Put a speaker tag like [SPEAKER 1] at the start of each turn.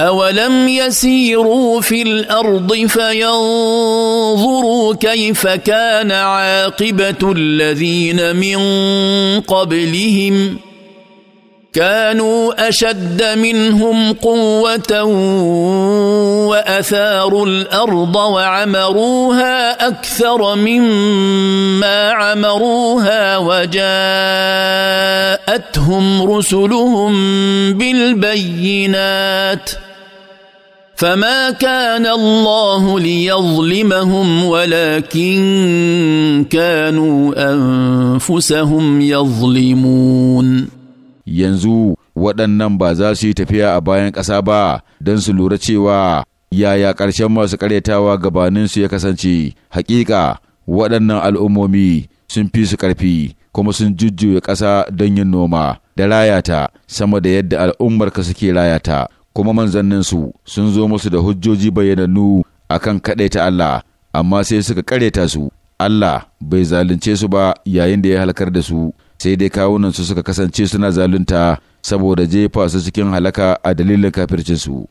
[SPEAKER 1] أولم يسيروا في الأرض فينظروا كيف كان عاقبة الذين من قبلهم كانوا أشد منهم قوة وأثاروا الأرض وعمروها أكثر مما عمروها وجاءتهم رسلهم بالبينات ۖ فما كان الله ليظلمهم ولكن كانوا انفسهم يظلمون
[SPEAKER 2] yanzu waɗannan ba za su yi tafiya a bayan ƙasa ba don su lura cewa yaya ƙarshen masu ƙaryatawa su ya kasance hakika waɗannan al'ummomi sun fi su ƙarfi kuma sun jujjuya ƙasa don yin noma da rayata sama da yadda al'ummarka suke rayata kuma manzanninsu sun zo musu da hujjoji bayyanannu akan kaɗaita Allah amma sai suka ƙareta su Allah bai zalunce su ba yayin da ya halkar da su sai dai kawunan su suka kasance suna zalunta saboda jefa su cikin halaka a dalilin kafircinsu.